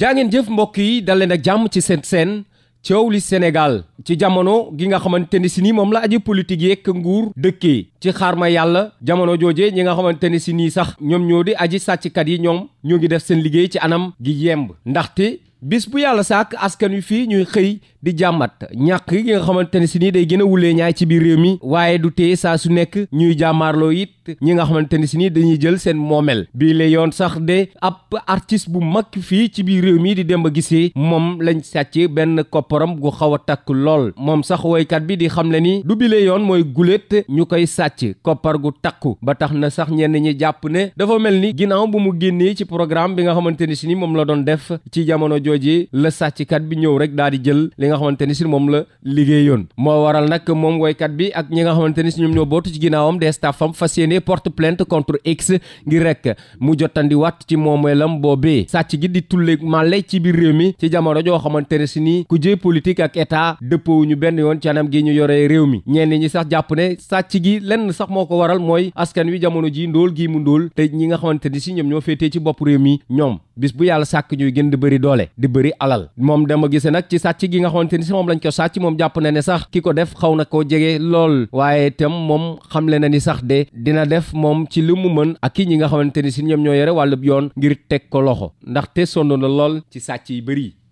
jaa jëf mbokk yi dal leen jàmm ci seen seen ci coow li Sénégal ci jamono gi nga xamante ni si nii moom la aji politique yeeg nguur dëkkee ci xaar ma yàlla jamono jooje ñi nga xamante ni si nii sax ñoom ñoo di aji sàcckat yi ñoom ñoo ngi def seen liggéey ci anam gi yemb ndaxte bis bu yàlla sàkk askan wi fii ñuy xëy di jàmmat ñàkk gi nga xamanteni ne si nii day gën a wulee ñaay ci biir réew mi waaye du téye saa su nekk ñuy jàmmaarloo it ñi nga xamanteni si dañuy jël seen moomeel bii la yoon sax de ab artiste bu mag fii ci biir réew mi di Demba Guissé moom lañ sàcc benn kopparam gu xaw a takk lool moom sax woykat bi di xam le ni du bile yoon mooy guléet ñu koy sàcc koppar gu takku ba tax na sax ñenn ñi jàpp ne dafa mel ni ginnaaw bu mu génnee ci programme bi nga xamanteni si ni moom la doon def ci jamono jooji la kat bi ñëw rek daal di jël li nga xamante ni si moom la liggéeyoon moo waral nag moom woykat bi ak ñi nga xamante ni si ñoom ñoo bootu ci ginnaawam des staffam fas yéene porte plainte contre X ngir rek mu jotandi waat ci moomeelam boobee sàcc gi di tulle màlle ci biir réew mi ci jamono joo xamante ne si ni ku jëy politique ak état ñu benn yoon ci anam gi ñu yoree réew mi ñenn ñi sax jàpp ne sàcc gi lenn sax moo ko waral mooy askan wi jamono ji ndóol gi mu ndóol te ñi nga xamante ni si ñoom ñoo féetee ci bopp réew mi ñoom bis bu yàlla sàkk ñuy gën di bëri doole di bëri alal moom dama gisee nag ci sàcc gi nga xamante ni si moom lañ ko sàcc moom jàpp na ne sax ki ko def xaw na koo jege lool waaye itam moom xamle na ni sax de dina def moom ci li mu mën ak kii ñi nga xamante ni si ñoom ñoo yore wàllub yoon ngir teg ko loxo ndaxte sonn na lool ci sàcc yi bëri